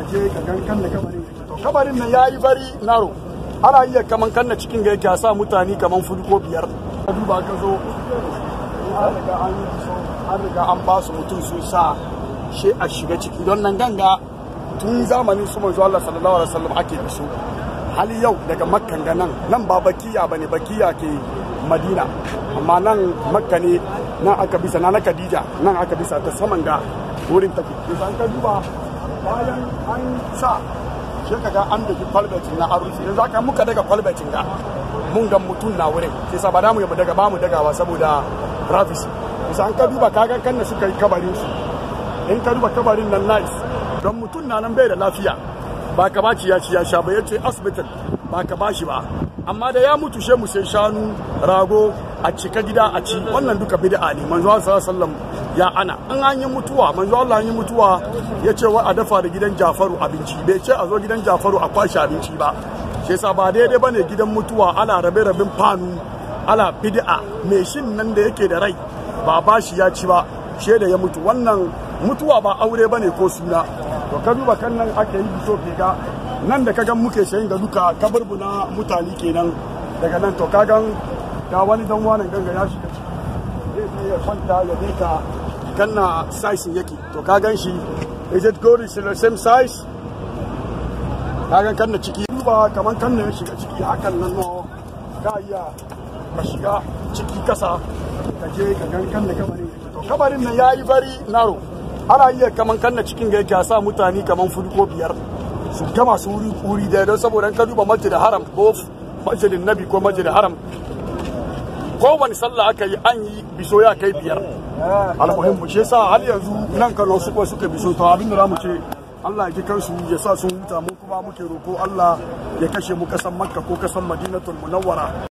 ka je ka gan kanna kabarin to kabarin nan yayi bari naro ana iya kaman kanna cikin ga yake a sa mutane kaman fudu ko biyar ka duba ka zo an riga an ba su mutum su sa shi a shiga ciki don nan ganga tun zamanin su manzo Allah sallallahu alaihi wasallam ake da su hali yau daga makkan ga nan nan ba bakiya bane bakiya ke madina amma nan makka ne nan aka bisa na na kadija nan aka bisa ta saman ga wurin tafi ka duba bayan an sa shi ka ga an daga kwalbetin na an rufe za ka muka daga kwalbetin ga mun ga mutum na wurin sai sa ba da mu daga ba mu dagawa saboda rafisi. kusa an ka duba kaga kan suka yi kabarin su in ka duba kabarin nan nice don mutum na nan bai da lafiya ba ka ba ci ya ci ya sha ba ya ce asibitin ba ka ba shi ba amma da ya mutu shemu sai shanu rago a cika gida a ci wannan duka bid'a ne manzo sallallahu alaihi wasallam ya ana in an yi mutuwa manzo Allah anyi mutuwa ya ce wai a dafa da gidan Jafaru abinci bai ce a zo gidan Jafaru a kwashe abinci ba shi yasa ba daidai bane gidan mutuwa ala rabe rabin fanu ala bid'a mai shin nan da yake da rai ba bashi ya ci ba she da ya mutu wannan mutuwa ba aure bane ko suna to ka duba kan nan ake yi so ke ga nan da kagan muke sayin ga duka kaburbuna mutane kenan daga nan to kagan ga wani dan wanan ganga ya shiga ciki zai ya kwanta ya daita kanna size yake to ka gan shi is it good is the same size ka gan kanna ciki ba kaman kanna ya shiga ciki hakan nan no ka iya ka shiga ciki kasa ka je ka gan kanna kabarin to kabarin nan yayi bari naro ana iya kaman kanna cikin ga yake sa mutane kaman fudu ko biyar su gama su wuri kuri da don saboda ka duba masjid haram ko masjidin nabi ko masjid haram kowane sallah aka yi an yi biso ya kai biyar mu shi sa har yanzu nan kano su suka biso to abin da ce Allah ya ji kansu ya sa sun huta mu kuma muke roko Allah ya kashe mu kasan Makka ko kasan Madinatul Munawwara